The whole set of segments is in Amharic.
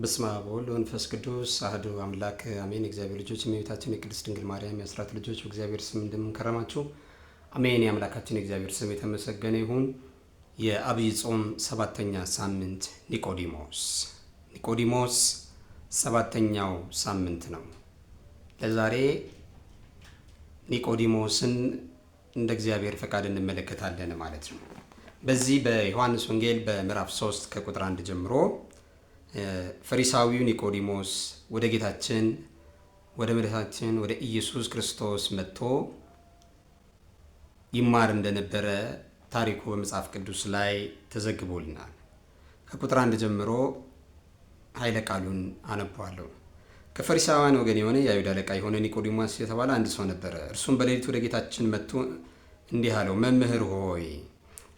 በስመ አብ ወወልድ ወመንፈስ ቅዱስ አህዱ አምላክ አሜን። እግዚአብሔር ልጆች የእመቤታችን የቅድስት ድንግል ማርያም የአስራት ልጆች በእግዚአብሔር ስም እንደምንከረማችሁ አሜን። የአምላካችን የእግዚአብሔር ስም የተመሰገነ ይሁን። የአብይ ጾም ሰባተኛ ሳምንት ኒቆዲሞስ ኒቆዲሞስ ሰባተኛው ሳምንት ነው። ለዛሬ ኒቆዲሞስን እንደ እግዚአብሔር ፈቃድ እንመለከታለን ማለት ነው። በዚህ በዮሐንስ ወንጌል በምዕራፍ 3 ከቁጥር 1 ጀምሮ ፈሪሳዊው ኒቆዲሞስ ወደ ጌታችን ወደ መድኃኒታችን ወደ ኢየሱስ ክርስቶስ መጥቶ ይማር እንደነበረ ታሪኩ በመጽሐፍ ቅዱስ ላይ ተዘግቦልናል። ከቁጥር አንድ ጀምሮ ኃይለ ቃሉን አነቧለሁ። ከፈሪሳውያን ወገን የሆነ የአይሁድ አለቃ የሆነ ኒቆዲሞስ የተባለ አንድ ሰው ነበረ። እርሱም በሌሊት ወደ ጌታችን መጥቶ እንዲህ አለው፣ መምህር ሆይ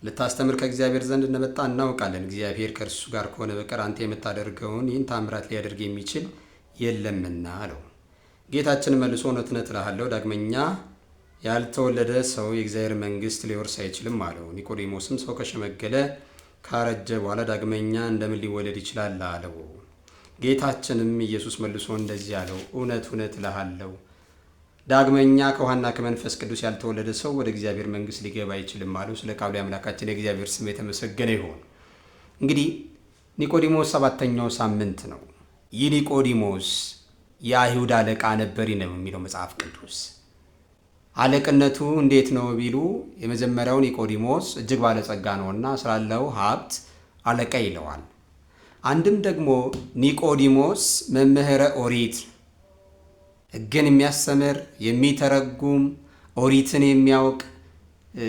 ልታስተምር ከእግዚአብሔር ዘንድ እንደመጣ እናውቃለን። እግዚአብሔር ከእርሱ ጋር ከሆነ በቀር አንተ የምታደርገውን ይህን ታምራት ሊያደርግ የሚችል የለምና አለው። ጌታችን መልሶ እውነት እውነት እልሃለሁ ዳግመኛ ያልተወለደ ሰው የእግዚአብሔር መንግሥት ሊወርስ አይችልም አለው። ኒቆዲሞስም ሰው ከሸመገለ ካረጀ በኋላ ዳግመኛ እንደምን ሊወለድ ይችላል አለው። ጌታችንም ኢየሱስ መልሶ እንደዚህ አለው፣ እውነት እውነት እልሃለሁ ዳግመኛ ከውሃና ከመንፈስ ቅዱስ ያልተወለደ ሰው ወደ እግዚአብሔር መንግስት ሊገባ አይችልም አሉ። ስለ ቃሉ አምላካችን የእግዚአብሔር ስም የተመሰገነ ይሆን እንግዲህ ኒቆዲሞስ ሰባተኛው ሳምንት ነው። ይህ ኒቆዲሞስ የአይሁድ አለቃ ነበሪ ነው የሚለው መጽሐፍ ቅዱስ። አለቅነቱ እንዴት ነው ቢሉ የመጀመሪያው ኒቆዲሞስ እጅግ ባለጸጋ ነውና ስላለው ሀብት አለቃ ይለዋል። አንድም ደግሞ ኒቆዲሞስ መምህረ ኦሪት ሕግን የሚያስተምር የሚተረጉም ኦሪትን የሚያውቅ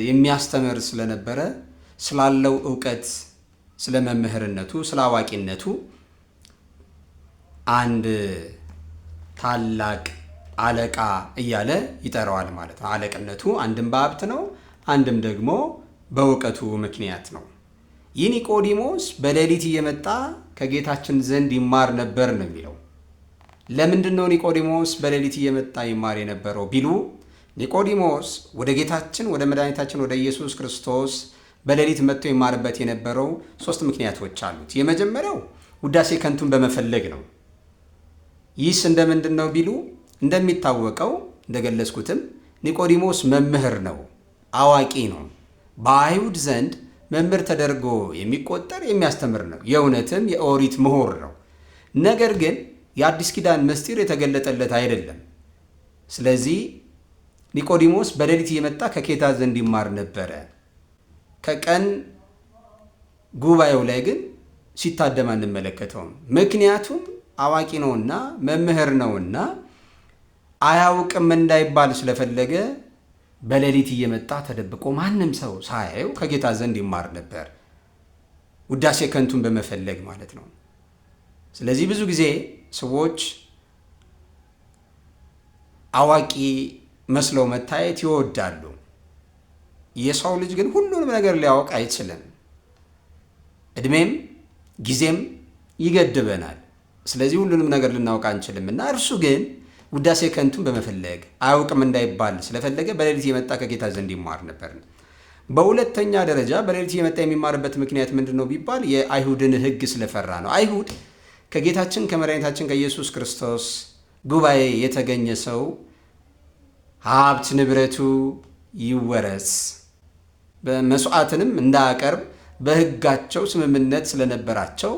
የሚያስተምር ስለነበረ ስላለው እውቀት ስለ መምህርነቱ ስለ አዋቂነቱ አንድ ታላቅ አለቃ እያለ ይጠራዋል ማለት ነው። አለቅነቱ አንድም በሀብት ነው፣ አንድም ደግሞ በእውቀቱ ምክንያት ነው። ይህ ኒቆዲሞስ በሌሊት እየመጣ ከጌታችን ዘንድ ይማር ነበር ነው የሚለው ለምንድን ነው ኒቆዲሞስ በሌሊት እየመጣ ይማር የነበረው ቢሉ ኒቆዲሞስ ወደ ጌታችን ወደ መድኃኒታችን ወደ ኢየሱስ ክርስቶስ በሌሊት መጥቶ ይማርበት የነበረው ሶስት ምክንያቶች አሉት። የመጀመሪያው ውዳሴ ከንቱን በመፈለግ ነው። ይህስ እንደምንድን ነው ቢሉ እንደሚታወቀው እንደገለጽኩትም ኒቆዲሞስ መምህር ነው፣ አዋቂ ነው። በአይሁድ ዘንድ መምህር ተደርጎ የሚቆጠር የሚያስተምር ነው። የእውነትም የኦሪት ምሁር ነው። ነገር ግን የአዲስ ኪዳን ምስጢር የተገለጠለት አይደለም። ስለዚህ ኒቆዲሞስ በሌሊት እየመጣ ከኬታ ዘንድ ይማር ነበረ። ከቀን ጉባኤው ላይ ግን ሲታደም አንመለከተውም። ምክንያቱም አዋቂ ነውና መምህር ነውና አያውቅም እንዳይባል ስለፈለገ በሌሊት እየመጣ ተደብቆ ማንም ሰው ሳያየው ከጌታ ዘንድ ይማር ነበር። ውዳሴ ከንቱን በመፈለግ ማለት ነው። ስለዚህ ብዙ ጊዜ ሰዎች አዋቂ መስለው መታየት ይወዳሉ። የሰው ልጅ ግን ሁሉንም ነገር ሊያውቅ አይችልም። እድሜም ጊዜም ይገድበናል። ስለዚህ ሁሉንም ነገር ልናውቅ አንችልም እና እርሱ ግን ውዳሴ ከንቱን በመፈለግ አያውቅም እንዳይባል ስለፈለገ በሌሊት የመጣ ከጌታ ዘንድ ይማር ነበር። በሁለተኛ ደረጃ በሌሊት የመጣ የሚማርበት ምክንያት ምንድን ነው ቢባል የአይሁድን ሕግ ስለፈራ ነው። አይሁድ ከጌታችን ከመድኃኒታችን ከኢየሱስ ክርስቶስ ጉባኤ የተገኘ ሰው ሀብት ንብረቱ ይወረስ፣ መስዋዕትንም እንዳያቀርብ በሕጋቸው ስምምነት ስለነበራቸው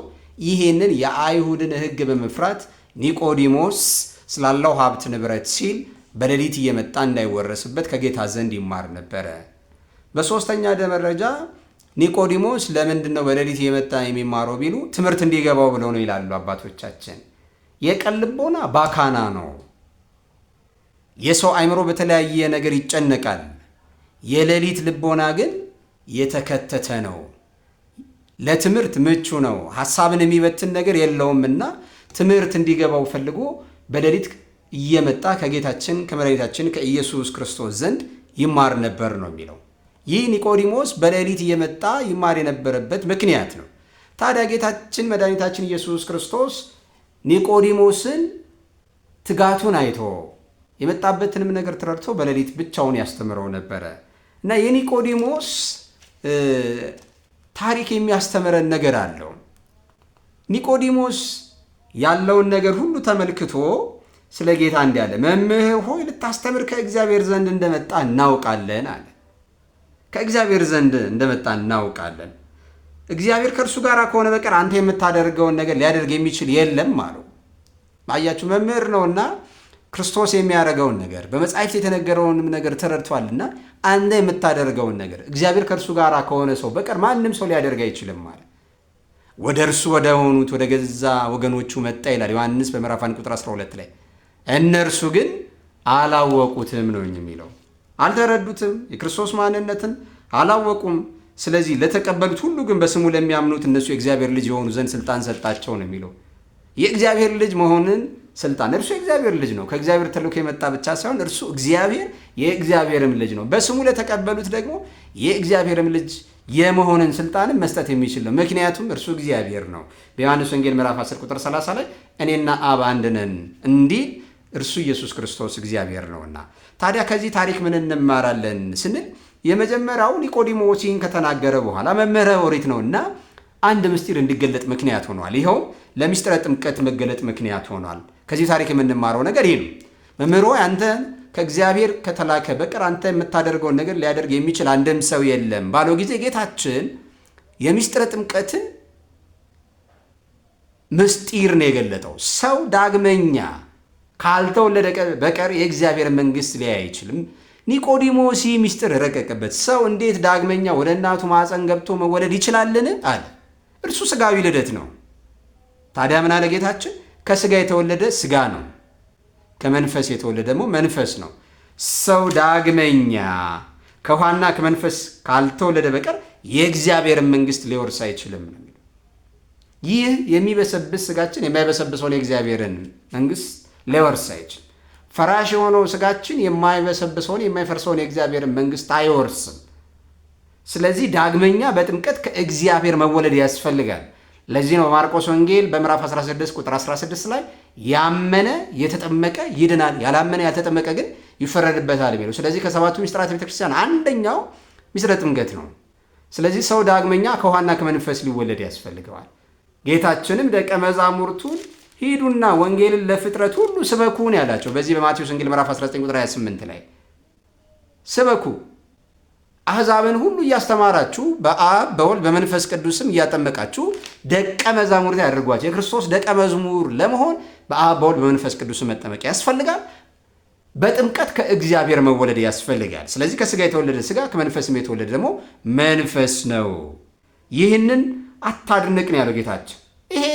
ይሄንን የአይሁድን ሕግ በመፍራት ኒቆዲሞስ ስላለው ሀብት ንብረት ሲል በሌሊት እየመጣ እንዳይወረስበት ከጌታ ዘንድ ይማር ነበረ። በሦስተኛ ደረጃ ኒቆዲሞስ ለምንድን ነው በሌሊት የመጣ የሚማረው ቢሉ ትምህርት እንዲገባው ብለው ነው ይላሉ አባቶቻችን። የቀን ልቦና ባካና ነው። የሰው አይምሮ በተለያየ ነገር ይጨነቃል። የሌሊት ልቦና ግን የተከተተ ነው። ለትምህርት ምቹ ነው። ሀሳብን የሚበትን ነገር የለውምና ትምህርት እንዲገባው ፈልጎ በሌሊት እየመጣ ከጌታችን ከመድኃኒታችን ከኢየሱስ ክርስቶስ ዘንድ ይማር ነበር ነው የሚለው። ይህ ኒቆዲሞስ በሌሊት እየመጣ ይማር የነበረበት ምክንያት ነው። ታዲያ ጌታችን መድኃኒታችን ኢየሱስ ክርስቶስ ኒቆዲሞስን ትጋቱን አይቶ የመጣበትንም ነገር ተረድቶ በሌሊት ብቻውን ያስተምረው ነበረ እና የኒቆዲሞስ ታሪክ የሚያስተምረን ነገር አለው። ኒቆዲሞስ ያለውን ነገር ሁሉ ተመልክቶ ስለ ጌታ እንዲህ መምህር ሆይ ልታስተምር ከእግዚአብሔር ዘንድ እንደመጣ እናውቃለን አለ። ከእግዚአብሔር ዘንድ እንደመጣ እናውቃለን። እግዚአብሔር ከእርሱ ጋር ከሆነ በቀር አንተ የምታደርገውን ነገር ሊያደርግ የሚችል የለም አለው። አያችሁ፣ መምህር ነውና ክርስቶስ የሚያደርገውን ነገር በመጻሕፍት የተነገረውንም ነገር ተረድቷልና አንተ የምታደርገውን ነገር እግዚአብሔር ከእርሱ ጋር ከሆነ ሰው በቀር ማንም ሰው ሊያደርግ አይችልም አለ። ወደ እርሱ ወደ ሆኑት ወደ ገዛ ወገኖቹ መጣ ይላል ዮሐንስ በምዕራፍ 1 ቁጥር 12 ላይ እነርሱ ግን አላወቁትም ነው የሚለው አልተረዱትም፣ የክርስቶስ ማንነትን አላወቁም። ስለዚህ ለተቀበሉት ሁሉ ግን በስሙ ለሚያምኑት እነሱ የእግዚአብሔር ልጅ የሆኑ ዘንድ ስልጣን ሰጣቸው ነው የሚለው። የእግዚአብሔር ልጅ መሆንን ስልጣን እርሱ የእግዚአብሔር ልጅ ነው። ከእግዚአብሔር ተልኮ የመጣ ብቻ ሳይሆን እርሱ እግዚአብሔር የእግዚአብሔርም ልጅ ነው። በስሙ ለተቀበሉት ደግሞ የእግዚአብሔርም ልጅ የመሆንን ስልጣንም መስጠት የሚችል ነው። ምክንያቱም እርሱ እግዚአብሔር ነው። በዮሐንስ ወንጌል ምዕራፍ 10 ቁጥር 30 ላይ እኔና አብ አንድ ነን እንዲህ እርሱ ኢየሱስ ክርስቶስ እግዚአብሔር ነውና። ታዲያ ከዚህ ታሪክ ምን እንማራለን ስንል የመጀመሪያው ኒቆዲሞስ ይህን ከተናገረ በኋላ መምህረ ኦሪት ነውና አንድ ምስጢር እንዲገለጥ ምክንያት ሆኗል። ይኸው ለምስጢረ ጥምቀት መገለጥ ምክንያት ሆኗል። ከዚህ ታሪክ የምንማረው ነገር ይህ ነው። መምህሮ አንተ ከእግዚአብሔር ከተላከ በቀር አንተ የምታደርገውን ነገር ሊያደርግ የሚችል አንድም ሰው የለም ባለው ጊዜ ጌታችን የምስጢረ ጥምቀትን ምስጢር ነው የገለጠው። ሰው ዳግመኛ ካልተወለደ በቀር የእግዚአብሔር መንግሥት ሊያይ አይችልም። ኒቆዲሞስ ይህ ምስጢር ረቀቀበት። ሰው እንዴት ዳግመኛ ወደ እናቱ ማፀን ገብቶ መወለድ ይችላልን? አለ። እርሱ ስጋዊ ልደት ነው። ታዲያ ምን አለ ጌታችን? ከስጋ የተወለደ ስጋ ነው፣ ከመንፈስ የተወለደ ደግሞ መንፈስ ነው። ሰው ዳግመኛ ከውሃና ከመንፈስ ካልተወለደ በቀር የእግዚአብሔርን መንግሥት ሊወርስ አይችልም ነው። ይህ የሚበሰብስ ስጋችን የማይበሰብሰውን የእግዚአብሔርን መንግሥት ሊወርስ አይችልም። ፈራሽ የሆነው ስጋችን የማይበሰብሰውን የማይፈርሰውን የእግዚአብሔርን መንግስት አይወርስም። ስለዚህ ዳግመኛ በጥምቀት ከእግዚአብሔር መወለድ ያስፈልጋል። ለዚህ ነው በማርቆስ ወንጌል በምዕራፍ 16 ቁጥር 16 ላይ ያመነ የተጠመቀ ይድናል፣ ያላመነ ያልተጠመቀ ግን ይፈረድበታል የሚለው። ስለዚህ ከሰባቱ ሚስጥራት ቤተክርስቲያን አንደኛው ምስጢረ ጥምቀት ነው። ስለዚህ ሰው ዳግመኛ ከውሃና ከመንፈስ ሊወለድ ያስፈልገዋል። ጌታችንም ደቀ መዛሙርቱን ሂዱና ወንጌልን ለፍጥረት ሁሉ ስበኩ ነው ያላቸው። በዚህ በማቴዎስ ወንጌል ምዕራፍ 19 ቁጥር 28 ላይ ስበኩ አሕዛብን ሁሉ እያስተማራችሁ በአብ በወልድ በመንፈስ ቅዱስም እያጠመቃችሁ ደቀ መዛሙርት ያደርጓቸው። የክርስቶስ ደቀ መዝሙር ለመሆን በአብ በወልድ በመንፈስ ቅዱስ መጠመቅ ያስፈልጋል። በጥምቀት ከእግዚአብሔር መወለድ ያስፈልጋል። ስለዚህ ከስጋ የተወለደ ስጋ ከመንፈስም የተወለደ ደግሞ መንፈስ ነው። ይህንን አታድንቅ ነው ያለው ጌታችን። ይሄ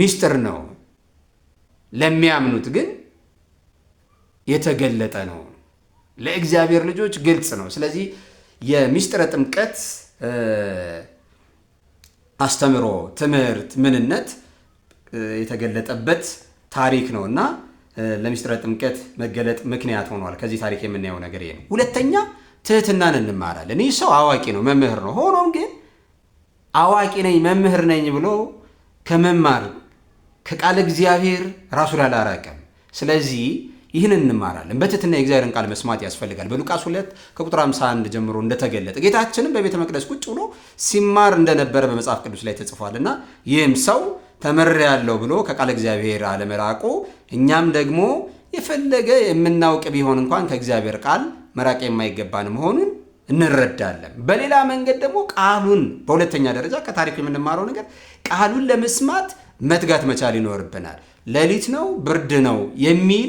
ሚስጥር ነው። ለሚያምኑት ግን የተገለጠ ነው። ለእግዚአብሔር ልጆች ግልጽ ነው። ስለዚህ የሚስጥረ ጥምቀት አስተምሮ፣ ትምህርት፣ ምንነት የተገለጠበት ታሪክ ነው እና ለሚስጥረ ጥምቀት መገለጥ ምክንያት ሆኗል። ከዚህ ታሪክ የምናየው ነገር ይሄ ነው። ሁለተኛ ትህትናን እንማራለን። ይህ ሰው አዋቂ ነው፣ መምህር ነው። ሆኖም ግን አዋቂ ነኝ መምህር ነኝ ብሎ ከመማር ከቃለ እግዚአብሔር ራሱን አላራቀም። ስለዚህ ይህን እንማራለን። በትትና የእግዚአብሔርን ቃል መስማት ያስፈልጋል። በሉቃስ 2 ከቁጥር 51 ጀምሮ እንደተገለጠ ጌታችንም በቤተ መቅደስ ቁጭ ብሎ ሲማር እንደነበረ በመጽሐፍ ቅዱስ ላይ ተጽፏል እና ይህም ሰው ተምሬያለሁ ብሎ ከቃለ እግዚአብሔር አለመራቁ እኛም ደግሞ የፈለገ የምናውቅ ቢሆን እንኳን ከእግዚአብሔር ቃል መራቅ የማይገባን መሆኑን እንረዳለን። በሌላ መንገድ ደግሞ ቃሉን በሁለተኛ ደረጃ ከታሪኩ የምንማረው ነገር ቃሉን ለመስማት መትጋት መቻል ይኖርብናል። ሌሊት ነው ብርድ ነው የሚል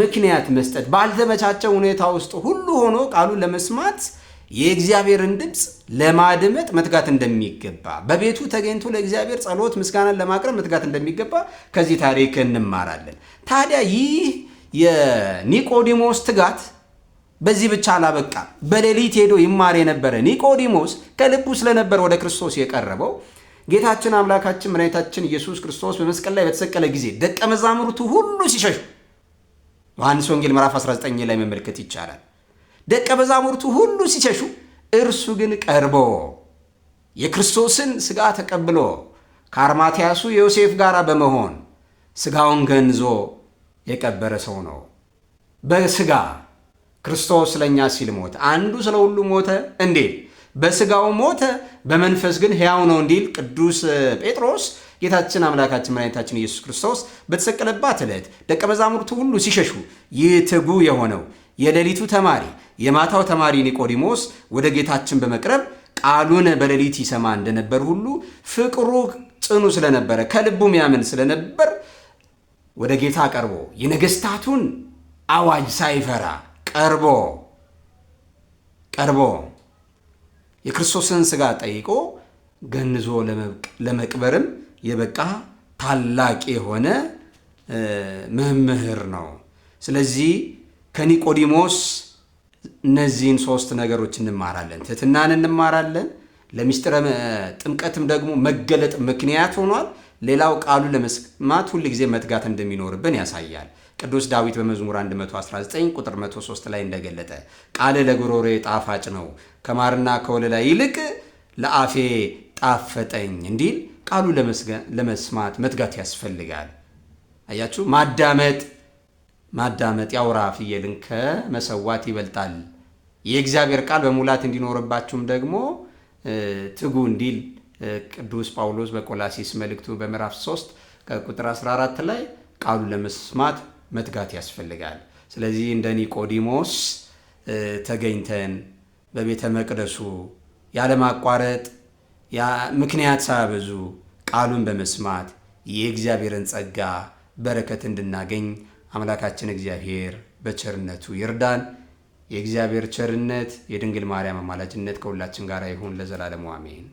ምክንያት መስጠት ባልተመቻቸው ሁኔታ ውስጥ ሁሉ ሆኖ ቃሉን ለመስማት የእግዚአብሔርን ድምፅ ለማድመጥ መትጋት እንደሚገባ በቤቱ ተገኝቶ ለእግዚአብሔር ጸሎት ምስጋናን ለማቅረብ መትጋት እንደሚገባ ከዚህ ታሪክ እንማራለን። ታዲያ ይህ የኒቆዲሞስ ትጋት በዚህ ብቻ አላበቃም። በሌሊት ሄዶ ይማር የነበረ ኒቆዲሞስ ከልቡ ስለነበር ወደ ክርስቶስ የቀረበው ጌታችን አምላካችን መድኃኒታችን ኢየሱስ ክርስቶስ በመስቀል ላይ በተሰቀለ ጊዜ ደቀ መዛሙርቱ ሁሉ ሲሸሹ ዮሐንስ ወንጌል ምዕራፍ 19 ላይ መመልከት ይቻላል። ደቀ መዛሙርቱ ሁሉ ሲሸሹ እርሱ ግን ቀርቦ የክርስቶስን ሥጋ ተቀብሎ ከአርማትያሱ የዮሴፍ ጋር በመሆን ሥጋውን ገንዞ የቀበረ ሰው ነው። በሥጋ ክርስቶስ ለእኛ ሲል ሞተ። አንዱ ስለ ሁሉ ሞተ። እንዴት? በስጋው ሞተ፣ በመንፈስ ግን ሕያው ነው እንዲል ቅዱስ ጴጥሮስ ጌታችን አምላካችን መድኃኒታችን ኢየሱስ ክርስቶስ በተሰቀለባት ዕለት ደቀ መዛሙርቱ ሁሉ ሲሸሹ ይህ ትጉ የሆነው የሌሊቱ ተማሪ የማታው ተማሪ ኒቆዲሞስ ወደ ጌታችን በመቅረብ ቃሉን በሌሊት ይሰማ እንደነበር ሁሉ ፍቅሩ ጽኑ ስለነበረ ከልቡ ሚያምን ስለነበር ወደ ጌታ ቀርቦ የነገስታቱን አዋጅ ሳይፈራ ቀርቦ ቀርቦ የክርስቶስን ሥጋ ጠይቆ ገንዞ ለመቅበርም የበቃ ታላቅ የሆነ መምህር ነው። ስለዚህ ከኒቆዲሞስ እነዚህን ሶስት ነገሮች እንማራለን። ትህትናን እንማራለን። ለሚስጥረ ጥምቀትም ደግሞ መገለጥ ምክንያት ሆኗል። ሌላው ቃሉን ለመስማት ጊዜ መትጋት እንደሚኖርብን ያሳያል። ቅዱስ ዳዊት በመዝሙር 119 ቁጥር 103 ላይ እንደገለጠ ቃል ለጉሮሬ ጣፋጭ ነው ከማርና ከወለላ ይልቅ ለአፌ ጣፈጠኝ እንዲል ቃሉ ለመስማት መትጋት ያስፈልጋል። አያችሁ፣ ማዳመጥ ማዳመጥ ያውራ ፍየልን ከመሰዋት ይበልጣል። የእግዚአብሔር ቃል በሙላት እንዲኖርባችሁም ደግሞ ትጉ እንዲል ቅዱስ ጳውሎስ በቆላሲስ መልእክቱ በምዕራፍ 3 ከቁጥር 14 ላይ ቃሉ ለመስማት መትጋት ያስፈልጋል። ስለዚህ እንደ ኒቆዲሞስ ተገኝተን በቤተ መቅደሱ ያለማቋረጥ ምክንያት ሳያበዙ ቃሉን በመስማት የእግዚአብሔርን ጸጋ በረከት እንድናገኝ አምላካችን እግዚአብሔር በቸርነቱ ይርዳን። የእግዚአብሔር ቸርነት የድንግል ማርያም አማላጅነት ከሁላችን ጋር ይሁን ለዘላለሙ አሜን።